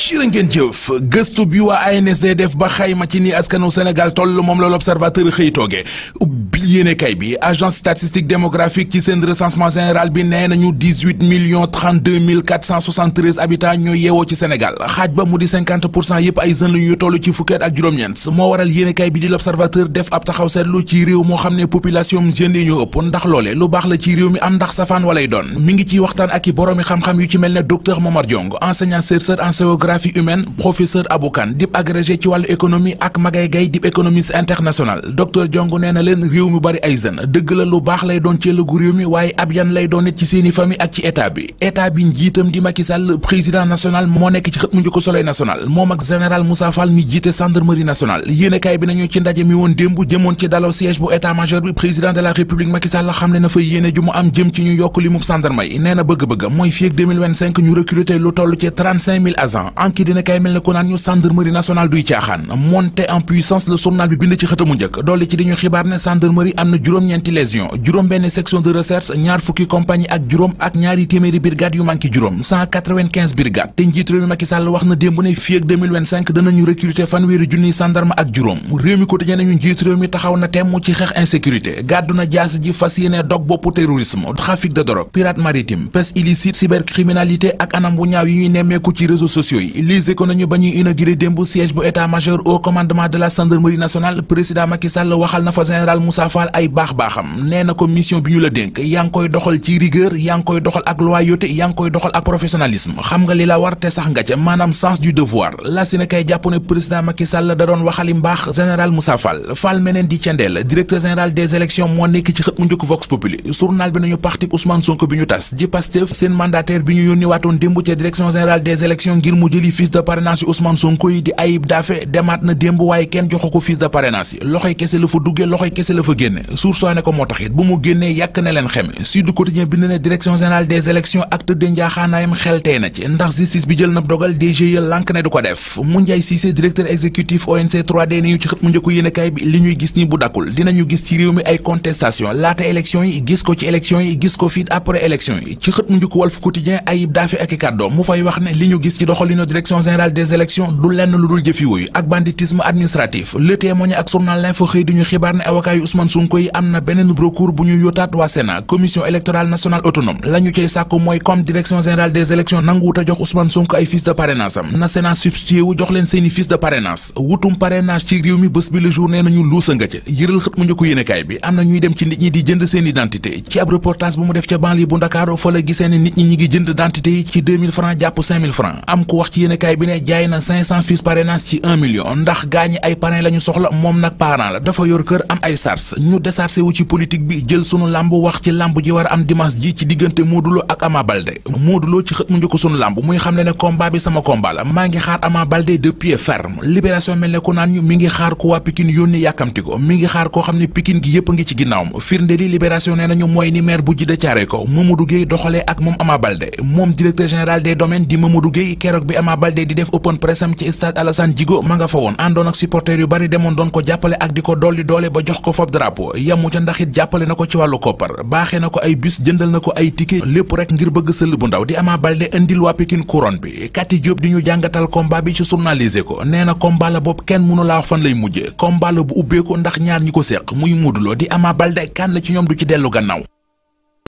jërë ngeen jëf gëstu bi waa ANSD def ba xayma ci ni askanu Sénégal toll moom la l'observateur xëy tooge yéene kay bi agence statistique démographique ci seen recensement général bi nee nañu dix-huit millions trente-deux cent soixante-treize habitants ñoo yeewoo ci Sénégal xaaj ba mu di cinquante pour cent yëpp ay jeunes la ñuy toll ci fukkeet ak juróom-ñeent moo waral yéene kay bi di l'observateur def ab taxaw seetlu ci réew moo xam ne population jeune yi ñoo ëpp ndax loole lu baax la ci réew mi am ndax safaan walay doon mi ngi ciy waxtaan ak i boroomi xam-xam yu ci mel ne docteur géographie humaine professeur Aboukan dip agrégé ci wàllu économie ak Magay Gay dip économiste international docteur Diongu nee leen réew mi bari ay zën dëgg la lu baax lay doon ci réew mi waaye ab lay doon nit ci seeni famille ak ci état bi état bi njiitam di Macky président national moo nekk ci xët mu njëkk soleil national moom ak général Moussa Fall mi jiite gendarmerie nationale yéenekaay bi nañu ci ndaje mi woon démb jëmoon ci daloo siège bu état enquête dina kay mel ne ko naan ñu gendarmerie nationale duy caaxaan monté en puissance le journal bi bind ci xëtamu njëkk dolli ci dañu xibaar ne gendarmerie am na juróom-ñeenti légion juróom benn section de recherche ñaar fukki compagnie ak juróom ak ñaari téeméeri brigade yu manqué juróom te njiit réew mi wax na démb ne fii ak 2025 danañu recruter fanweeri junniy gendarme ak juróom réew mi quotidien nañu njiit réew taxaw na temm ci xeex insécurité gàddu na jaas ji fas yéene dog boppu terrorisme trafic de drogue yooyu lise ko inauguré démb siège bu état major au commandement de la gendarmerie nationale président Macky waxal na fa général Moussa ay baax-baaxam nee ko mission bi ñu la dénk yaa koy doxal ci rigueur yaa koy doxal ak loyauté yaa ngi koy doxal ak professionnalisme xam nga li la war te sax nga ca maanaam sens du devoir la si na ne président Macky da doon waxali mbaax général Moussa Fall meneen di cendeel directeur général jëli fiche de parrainage yi Ousmane Sonko yi di Ayib Daffé demaat na démb waaye kenn joxu ko fiche de parrainage yi loxoy kese la fa duggee loxoy kese la fa génne sursooy ne ko moo tax it bu mu génnee yàq na leen xeme Sud Quotidien bind ne direction générale des élections ak tëdd xeltee na ci ndax justice bi jël na dogal DGE lànk ne du ko def Moundiaye Cissé directeur exécutif ONC 3D ni ci xët mu njëkk yéenekaay bi li ñuy ñooñu direction générale des élections du lenn lu dul jëf ak banditisme administratif le témoin ak journal l'info xëy di ñu xibaar ne avocat yu Ousmane yi am na beneen recours bu ñu yotaat waa Sénat commission électorale nationale autonome la ñu cay mooy comme direction générale des élections nanguwut a jox Ousmane Sonko ay fiches de parrainage am na Sénat substitué wu jox seeni fiches de parrainage wutum parrainage ci réew mi bés bi le nañu luusa ci yéenekaay bi ne jaay na 500 fiches parrainage ci 1 million ndax gaañi ay parrain la soxla moom nag parrain la dafa yor kër am ay sars ñu desarcé wu ci politique bi jël sunu làmb wax ci làmb ji war am dimanche ji ci diggante Modou ak Ama Baldé Modou Lo ci xët mu njëkk sunu làmb muy xam le ne combat bi sama combat la maa ngi xaar Ama Baldé de pied ferme libération mel ne ku naan ñu mi ngi xaar ku waa Pikine yónni yàkkamti ko mi ngi xaar ko xam ne Pikine gi yëpp ci ginnaawam firnde li libération nee mooy ni bu ji de caare ko Mamadou ak moom Ama Baldé moom directeur général des domaines di bi Ama Baldé di def open press am ci stade Alassane Djigo ma nga fa woon àndoon ak supporters yu bari demoon doon ko jàppale ak di ko dolli doole ba jox ko fab drapeau yamu ca ndax jàppale na ko ci wàllu koppar baaxee na ko ay bus jëndal na ko ay ticket lépp rek ngir bëgg sëll bu ndaw di amaa Baldé indil waa Pikine couronne bi Kati Diop di ñu jàngatal combat bi ci journaliser ko nee na combat la boobu kenn mënu laa fan lay mujje combat bu ubbeeku ndax ñaar ñi ko séq muy Modou di Ama Baldé kan la ci ñoom du ci dellu gannaaw